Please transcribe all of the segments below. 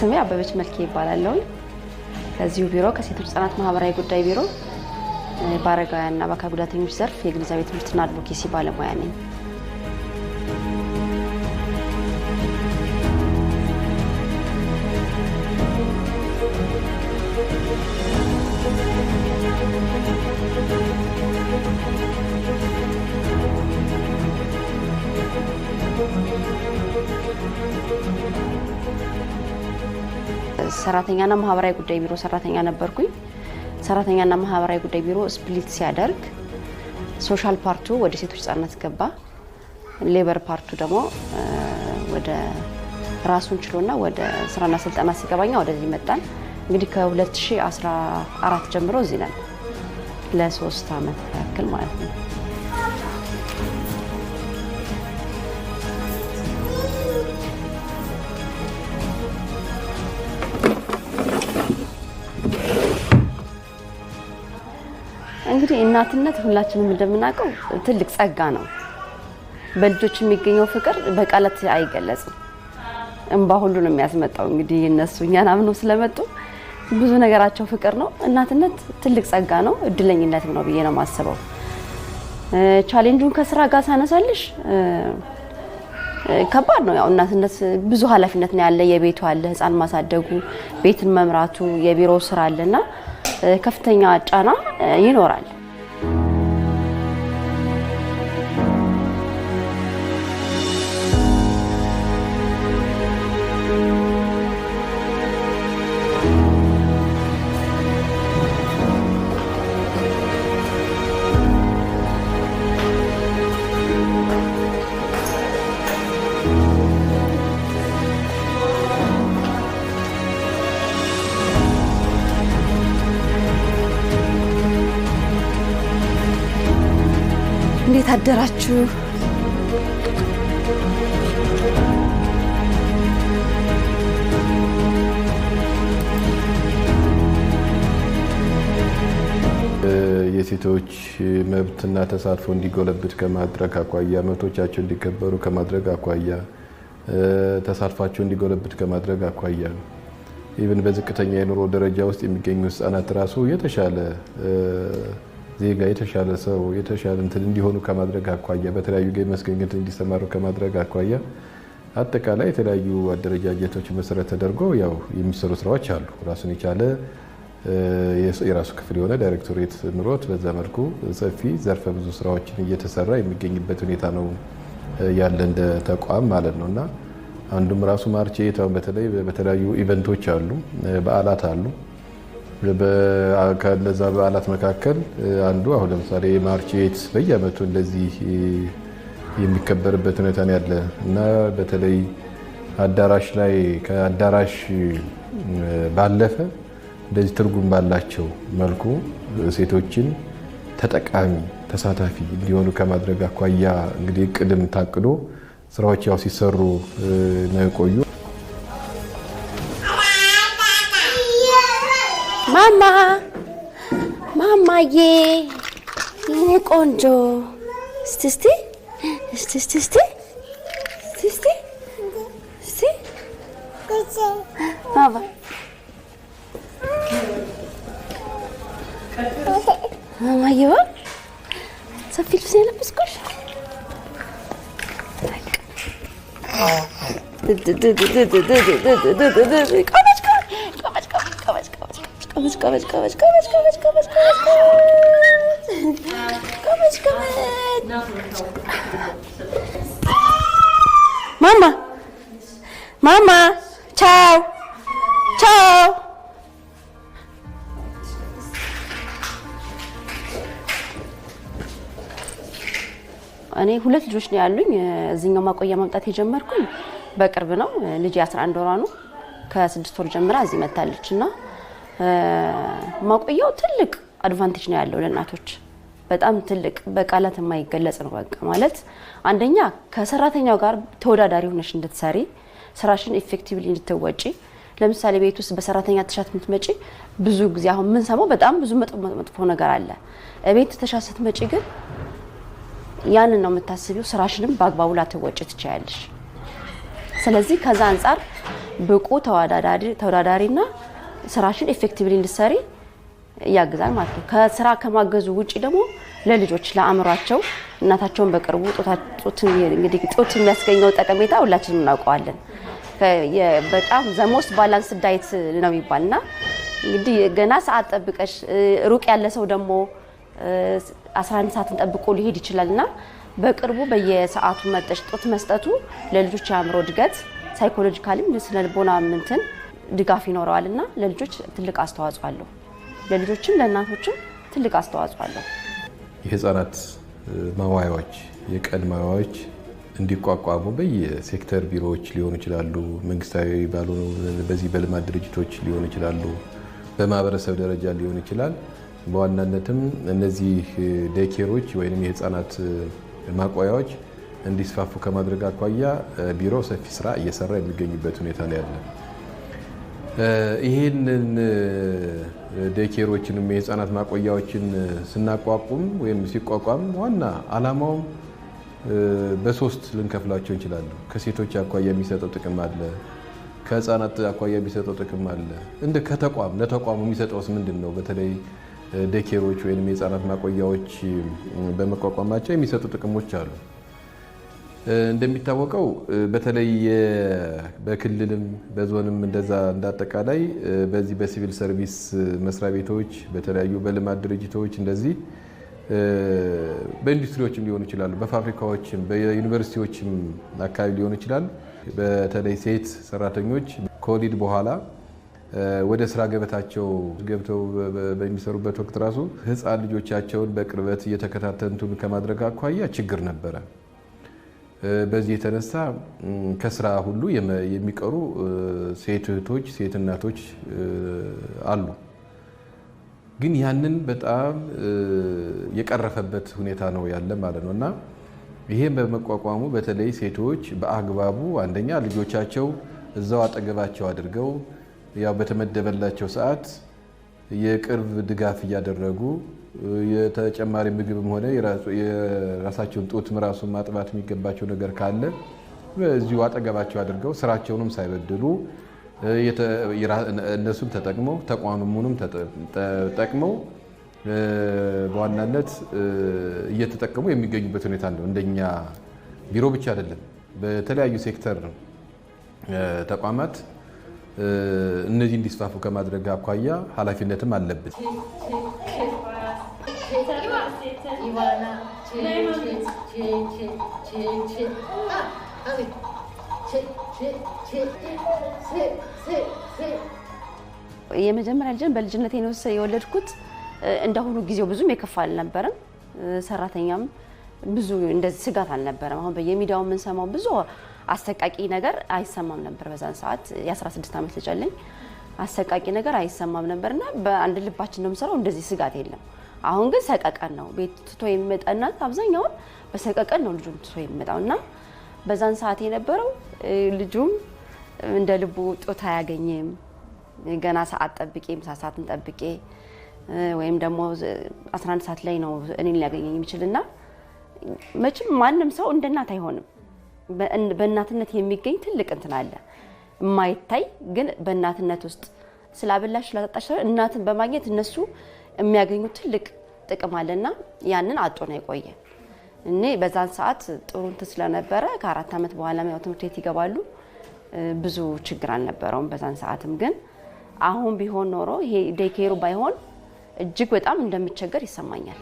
ስሜ አበበች መልኬ ይባላለሁ። ከዚሁ ቢሮ ከሴቶች ህጻናት ማህበራዊ ጉዳይ ቢሮ በአረጋውያንና በአካል ጉዳተኞች ዘርፍ የግንዛቤ ትምህርትና አድቮኬሲ ባለሙያ ነኝ። ሰራተኛና ማህበራዊ ጉዳይ ቢሮ ሰራተኛ ነበርኩኝ። ሰራተኛና ማህበራዊ ጉዳይ ቢሮ ስፕሊት ሲያደርግ ሶሻል ፓርቱ ወደ ሴቶች ህጻናት ገባ። ሌበር ፓርቱ ደግሞ ወደ ራሱን ችሎና ወደ ስራና ስልጠና ሲገባኛ ወደዚህ መጣን። እንግዲህ ከ2014 ጀምሮ እዚህ ነን ለሶስት አመት ያክል ማለት ነው። እንግዲህ እናትነት ሁላችንም እንደምናውቀው ትልቅ ጸጋ ነው። በልጆች የሚገኘው ፍቅር በቃላት አይገለጽም። እንባ ሁሉ ነው የሚያስመጣው። እንግዲህ እነሱ እኛን አምነው ስለመጡ ብዙ ነገራቸው ፍቅር ነው። እናትነት ትልቅ ጸጋ ነው፣ እድለኝነትም ነው ብዬ ነው የማስበው። ቻሌንጁን ከስራ ጋር ሳነሳልሽ ከባድ ነው። ያው እናትነት ብዙ ኃላፊነት ነው ያለ። የቤቱ አለ፣ ህፃን ማሳደጉ፣ ቤትን መምራቱ፣ የቢሮ ስራ አለና ከፍተኛ ጫና ይኖራል። አደራችሁ። የሴቶች መብትና ተሳትፎ እንዲጎለብት ከማድረግ አኳያ መብቶቻቸው እንዲከበሩ ከማድረግ አኳያ ተሳትፏቸው እንዲጎለብት ከማድረግ አኳያ ነው። ኢቨን በዝቅተኛ የኑሮ ደረጃ ውስጥ የሚገኙ ህጻናት ራሱ የተሻለ ዜጋ የተሻለ ሰው የተሻለ እንትን እንዲሆኑ ከማድረግ አኳያ በተለያዩ ገቢ መስገኘት እንዲሰማሩ ከማድረግ አኳያ አጠቃላይ የተለያዩ አደረጃጀቶች መሰረት ተደርጎ ያው የሚሰሩ ስራዎች አሉ። ራሱን የቻለ የራሱ ክፍል የሆነ ዳይሬክቶሬት ኑሮት በዛ መልኩ ሰፊ ዘርፈ ብዙ ስራዎችን እየተሰራ የሚገኝበት ሁኔታ ነው ያለ እንደ ተቋም ማለት ነው እና አንዱም ራሱ ማርች በተለይ በተለያዩ ኢቨንቶች አሉ፣ በዓላት አሉ ከነዛ በዓላት መካከል አንዱ አሁን ለምሳሌ ማርች ኤት በየዓመቱ እንደዚህ የሚከበርበት ሁኔታ ነው ያለ እና በተለይ አዳራሽ ላይ ከአዳራሽ ባለፈ እንደዚህ ትርጉም ባላቸው መልኩ ሴቶችን ተጠቃሚ ተሳታፊ እንዲሆኑ ከማድረግ አኳያ እንግዲህ ቅድም ታቅዶ ስራዎች ያው ሲሰሩ ነው የቆዩ። ማማ ማማዬ፣ የኔ ቆንጆ እስቲ እስቲ እስቲ እስቲ እስቲ እስቲ እስቲ ባባ ማማዬ፣ ዋ ሰፊ ልብስ የለበስኩሽ ቆይ ቀበች ቀበች ቀበች ቀበች ቀበች ቀበች ቀበች ቀበች ማማ ማማ ቻው ቻው እኔ ሁለት ልጆች ነው ያሉኝ። እዚህኛው ማቆያ መምጣት የጀመርኩኝ በቅርብ ነው። ልጅ 11 ወሯ ነው። ከስድስት ወር ጀምራ እዚህ መታለች እና ማቆያው ትልቅ አድቫንቴጅ ነው ያለው ለእናቶች በጣም ትልቅ በቃላት የማይገለጽ ነው። በቃ ማለት አንደኛ ከሰራተኛው ጋር ተወዳዳሪ ሆነሽ እንድትሰሪ ስራሽን ኢፌክቲቭሊ እንድትወጪ። ለምሳሌ ቤት ውስጥ በሰራተኛ ትሻት የምትመጪ ብዙ ጊዜ አሁን ሰማው በጣም ብዙ መጥፎ ነገር አለ። ቤት ትሻት ስትመጪ ግን ያንን ነው የምታስቢው። ስራሽንም በአግባቡ ላትወጪ ትችያለሽ። ስለዚህ ከዛ አንጻር ብቁ ተወዳዳሪ ተወዳዳሪና ስራሽን ኤፌክቲቭሊ እንድትሰሪ ያግዛል ማለት ነው። ከስራ ከማገዙ ውጭ ደግሞ ለልጆች ለአእምሯቸው እናታቸውን በቅርቡ እንግዲህ ጡት የሚያስገኘው ጠቀሜታ ሁላችንም እናውቀዋለን። በጣም ዘሞስ ባላንስ ዳይት ነው የሚባል እና እንግዲህ ገና ሰዓት ጠብቀሽ ሩቅ ያለ ሰው ደግሞ 11 ሰዓትን ጠብቆ ሊሄድ ይችላል እና በቅርቡ በየሰዓቱ መጠሽ ጡት መስጠቱ ለልጆች የአእምሮ እድገት ሳይኮሎጂካልም ስነልቦና ምንትን ድጋፍ ይኖረዋል እና ለልጆች ትልቅ አስተዋጽኦ አለው። ለልጆችም ለእናቶችም ትልቅ አስተዋጽኦ አለው። የህፃናት ማዋያዎች፣ የቀን ማዋያዎች እንዲቋቋሙ በየሴክተር ቢሮዎች ሊሆኑ ይችላሉ፣ መንግስታዊ ባልሆኑ በዚህ በልማት ድርጅቶች ሊሆኑ ይችላሉ፣ በማህበረሰብ ደረጃ ሊሆን ይችላል። በዋናነትም እነዚህ ዴኬሮች ወይም የህፃናት ማቆያዎች እንዲስፋፉ ከማድረግ አኳያ ቢሮ ሰፊ ስራ እየሰራ የሚገኝበት ሁኔታ ነው ያለ። ይህንን ዴኬሮችንም የህፃናት ማቆያዎችን ስናቋቁም ወይም ሲቋቋም ዋና አላማውም በሶስት ልንከፍላቸው እንችላለን። ከሴቶች አኳያ የሚሰጠው ጥቅም አለ፣ ከህፃናት አኳያ የሚሰጠው ጥቅም አለ። እንደ ከተቋም ለተቋሙ የሚሰጠውስ ምንድን ነው? በተለይ ዴኬሮች ወይም የህፃናት ማቆያዎች በመቋቋማቸው የሚሰጡ ጥቅሞች አሉ። እንደሚታወቀው በተለይ በክልልም በዞንም እንደዛ እንዳጠቃላይ በዚህ በሲቪል ሰርቪስ መስሪያ ቤቶች በተለያዩ በልማት ድርጅቶች እንደዚህ በኢንዱስትሪዎችም ሊሆኑ ይችላሉ፣ በፋብሪካዎችም በዩኒቨርሲቲዎችም አካባቢ ሊሆኑ ይችላል። በተለይ ሴት ሰራተኞች ከወሊድ በኋላ ወደ ስራ ገበታቸው ገብተው በሚሰሩበት ወቅት ራሱ ህፃን ልጆቻቸውን በቅርበት እየተከታተንቱን ከማድረግ አኳያ ችግር ነበረ። በዚህ የተነሳ ከስራ ሁሉ የሚቀሩ ሴት እህቶች፣ ሴት እናቶች አሉ። ግን ያንን በጣም የቀረፈበት ሁኔታ ነው ያለ ማለት ነው እና ይሄን በመቋቋሙ በተለይ ሴቶች በአግባቡ አንደኛ ልጆቻቸው እዛው አጠገባቸው አድርገው ያው በተመደበላቸው ሰዓት የቅርብ ድጋፍ እያደረጉ የተጨማሪ ምግብም ሆነ የራሳቸውን ጡትም ራሱን ማጥባት የሚገባቸው ነገር ካለ በዚሁ አጠገባቸው አድርገው ስራቸውንም ሳይበድሉ እነሱም ተጠቅመው ተቋሙንም ተጠቅመው በዋናነት እየተጠቀሙ የሚገኙበት ሁኔታ ነው። እንደኛ ቢሮ ብቻ አይደለም፣ በተለያዩ ሴክተር ተቋማት እነዚህ እንዲስፋፉ ከማድረግ አኳያ ኃላፊነትም አለብን። Ivana, çek, የመጀመሪያ ልጅን በልጅነቴ ነው የወለድኩት። እንዳሁኑ ጊዜው ብዙም የከፋ አልነበረም። ሰራተኛም ብዙ እንደዚህ ስጋት አልነበረም። አሁን በየሚዲያው የምንሰማው ብዙ አሰቃቂ ነገር አይሰማም ነበር። በዛን ሰዓት የ16 ዓመት ልጅ አለኝ። አሰቃቂ ነገር አይሰማም ነበርና በአንድ ልባችን ነው የምሰራው። እንደዚህ ስጋት የለም። አሁን ግን ሰቀቀን ነው ቤት ትቶ የሚመጣ እናት አብዛኛውን በሰቀቀን ነው ልጁን ትቶ የሚመጣው እና በዛን ሰዓት የነበረው ልጁም እንደ ልቡ ጦታ አያገኝም። ገና ሰዓት ጠብቄ ምሳ ሰዓትን ጠብቄ ወይም ደግሞ 11 ሰዓት ላይ ነው እኔን ሊያገኘኝ የሚችልና መቼም ማንም ሰው እንደ እናት አይሆንም። በእናትነት የሚገኝ ትልቅ እንትን አለ የማይታይ ግን በእናትነት ውስጥ ስላበላሽ ስላጠጣሽ እናትን በማግኘት እነሱ የሚያገኙት ትልቅ ጥቅም አለና ያንን አጦ ነው የቆየ። እኔ በዛን ሰዓት ጥሩ እንትን ስለነበረ ከአራት ዓመት በኋላ ያው ትምህርት ቤት ይገባሉ። ብዙ ችግር አልነበረውም በዛን ሰዓትም። ግን አሁን ቢሆን ኖሮ ይሄ ኬሩ ባይሆን እጅግ በጣም እንደምቸገር ይሰማኛል።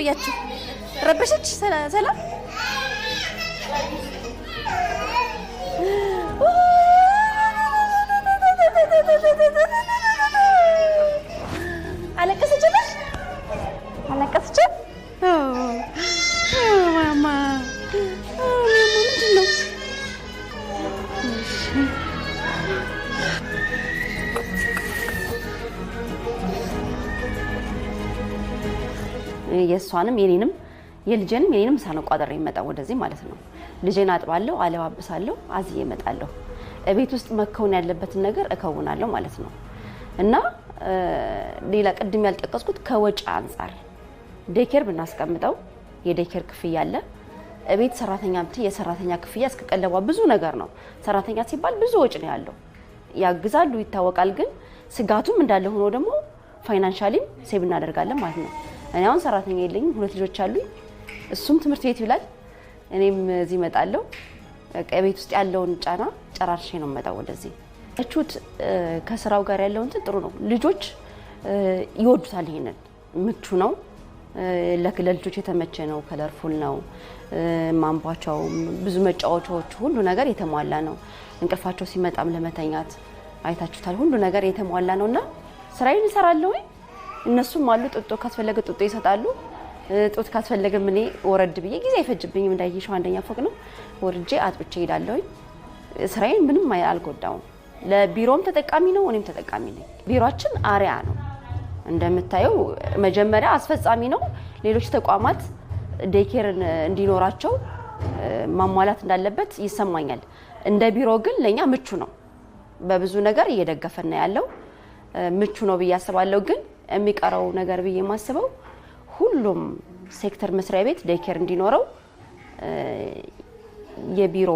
ቆያችሁ። ረበሸች። ሰላም አለቀሰችልሽ አለቀሰችል የእሷንም የኔንም የልጄንም የኔንም ሳንቋጠር የሚመጣ ወደዚህ ማለት ነው። ልጄን አጥባለሁ፣ አለባብሳለሁ፣ አዝዬ እመጣለሁ። ቤት ውስጥ መከውን ያለበትን ነገር እከውናለሁ ማለት ነው እና ሌላ ቅድም ያልጠቀስኩት ከወጪ አንጻር ዴኬር ብናስቀምጠው የዴኬር ክፍያ አለ። ቤት ሰራተኛ ምት የሰራተኛ ክፍያ እስከቀለቧ ብዙ ነገር ነው። ሰራተኛ ሲባል ብዙ ወጪ ነው ያለው። ያግዛሉ ይታወቃል። ግን ስጋቱም እንዳለ ሆኖ ደግሞ ፋይናንሻሊም ሴብ እናደርጋለን ማለት ነው። እኔ አሁን ሰራተኛ የለኝም፣ ሁለት ልጆች አሉኝ። እሱም ትምህርት ቤት ይውላል፣ እኔም እዚህ እመጣለሁ። በቃ ውስጥ ያለውን ጫና ጨራርሼ ነው መጣው ወደዚህ። እቹት ከስራው ጋር ያለው እንትን ጥሩ ነው። ልጆች ይወዱታል። ይሄንን ምቹ ነው ለልጆች የተመቸ ነው። ከለርፉል ነው። ማንቧቸው፣ ብዙ መጫወቻዎች፣ ሁሉ ነገር የተሟላ ነው። እንቅልፋቸው ሲመጣም ለመተኛት አይታችሁታል። ሁሉ ነገር የተሟላ ነው እና ስራዬን እሰራለሁ። እነሱም አሉ። ጥጦ ካስፈለገ ጥጦ ይሰጣሉ። ጡት ካስፈለገ እኔ ወረድ ብዬ ጊዜ አይፈጅብኝም። እንዳየሽው አንደኛ ፎቅ ነው፣ ወርጄ አጥብቼ ሄዳለሁኝ። ስራዬን ምንም አልጎዳውም። ለቢሮም ተጠቃሚ ነው፣ እኔም ተጠቃሚ ነኝ። ቢሮችን አሪያ ነው እንደምታየው። መጀመሪያ አስፈጻሚ ነው። ሌሎች ተቋማት ዴኬርን እንዲኖራቸው ማሟላት እንዳለበት ይሰማኛል። እንደ ቢሮ ግን ለእኛ ምቹ ነው። በብዙ ነገር እየደገፈና ያለው ምቹ ነው ብዬ አስባለሁ ግን የሚቀረው ነገር ብዬ የማስበው ሁሉም ሴክተር መስሪያ ቤት ዴይኬር እንዲኖረው የቢሮ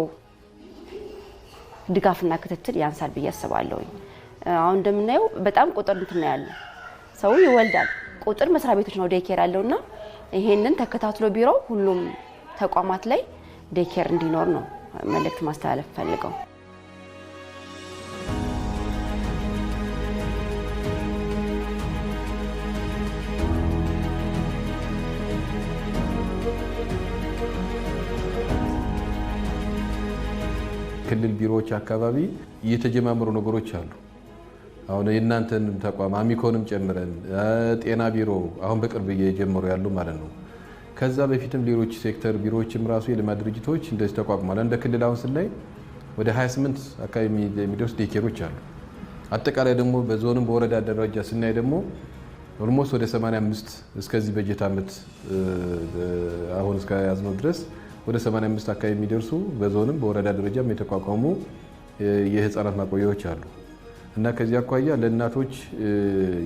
ድጋፍና ክትትል ያንሳል ብዬ አስባለሁ። አሁን እንደምናየው በጣም ቁጥር እንትና ያለ ሰው ይወልዳል። ቁጥር መስሪያ ቤቶች ነው ዴይኬር ያለውና ይሄንን ተከታትሎ ቢሮ ሁሉም ተቋማት ላይ ዴይኬር እንዲኖር ነው መልእክት ማስተላለፍ ፈልገው የክልል ቢሮዎች አካባቢ እየተጀማመሩ ነገሮች አሉ። አሁን የእናንተን ተቋም አሚኮንም ጨምረን ጤና ቢሮ አሁን በቅርብ እየጀመሩ ያሉ ማለት ነው። ከዛ በፊትም ሌሎች ሴክተር ቢሮዎችም ራሱ የልማት ድርጅቶች እንደዚህ ተቋቁሟል። እንደ ክልል አሁን ስናይ ወደ 28 አካባቢ የሚደርስ ዴኬሮች አሉ። አጠቃላይ ደግሞ በዞንም በወረዳ ደረጃ ስናይ ደግሞ ኦልሞስት ወደ 85 እስከዚህ በጀት ዓመት አሁን እስከ ድረስ ወደ 85 አካባቢ የሚደርሱ በዞንም በወረዳ ደረጃም የተቋቋሙ የህፃናት ማቆያዎች አሉ እና ከዚህ አኳያ ለእናቶች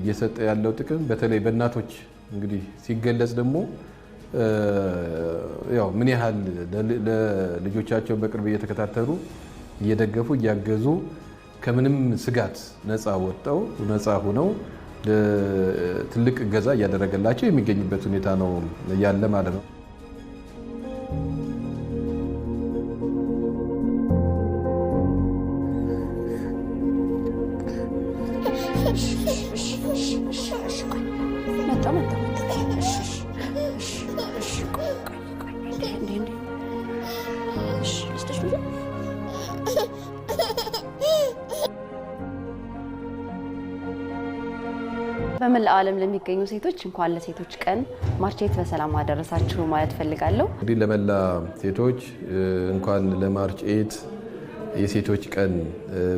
እየሰጠ ያለው ጥቅም በተለይ በእናቶች እንግዲህ ሲገለጽ ደግሞ ያው ምን ያህል ለልጆቻቸው በቅርብ እየተከታተሉ እየደገፉ እያገዙ ከምንም ስጋት ነፃ ወጥተው ነፃ ሆነው ትልቅ እገዛ እያደረገላቸው የሚገኝበት ሁኔታ ነው ያለ ማለት ነው። በመላ ዓለም ለሚገኙ ሴቶች እንኳን ለሴቶች ቀን ማርቼት በሰላም አደረሳችሁ ማለት ፈልጋለሁ። እንግዲህ ለመላ ሴቶች እንኳን ለማርቼት የሴቶች ቀን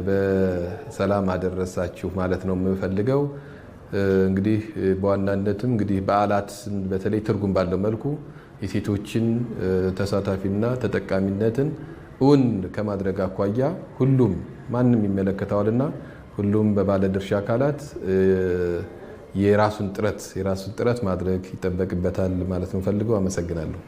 በሰላም አደረሳችሁ ማለት ነው የምፈልገው። እንግዲህ በዋናነትም እንግዲህ በዓላት በተለይ ትርጉም ባለው መልኩ የሴቶችን ተሳታፊና ተጠቃሚነትን እውን ከማድረግ አኳያ ሁሉም ማንም ይመለከተዋልና ሁሉም በባለድርሻ አካላት የራሱን ጥረት የራሱን ጥረት ማድረግ ይጠበቅበታል ማለት ነው ፈልገው አመሰግናለሁ።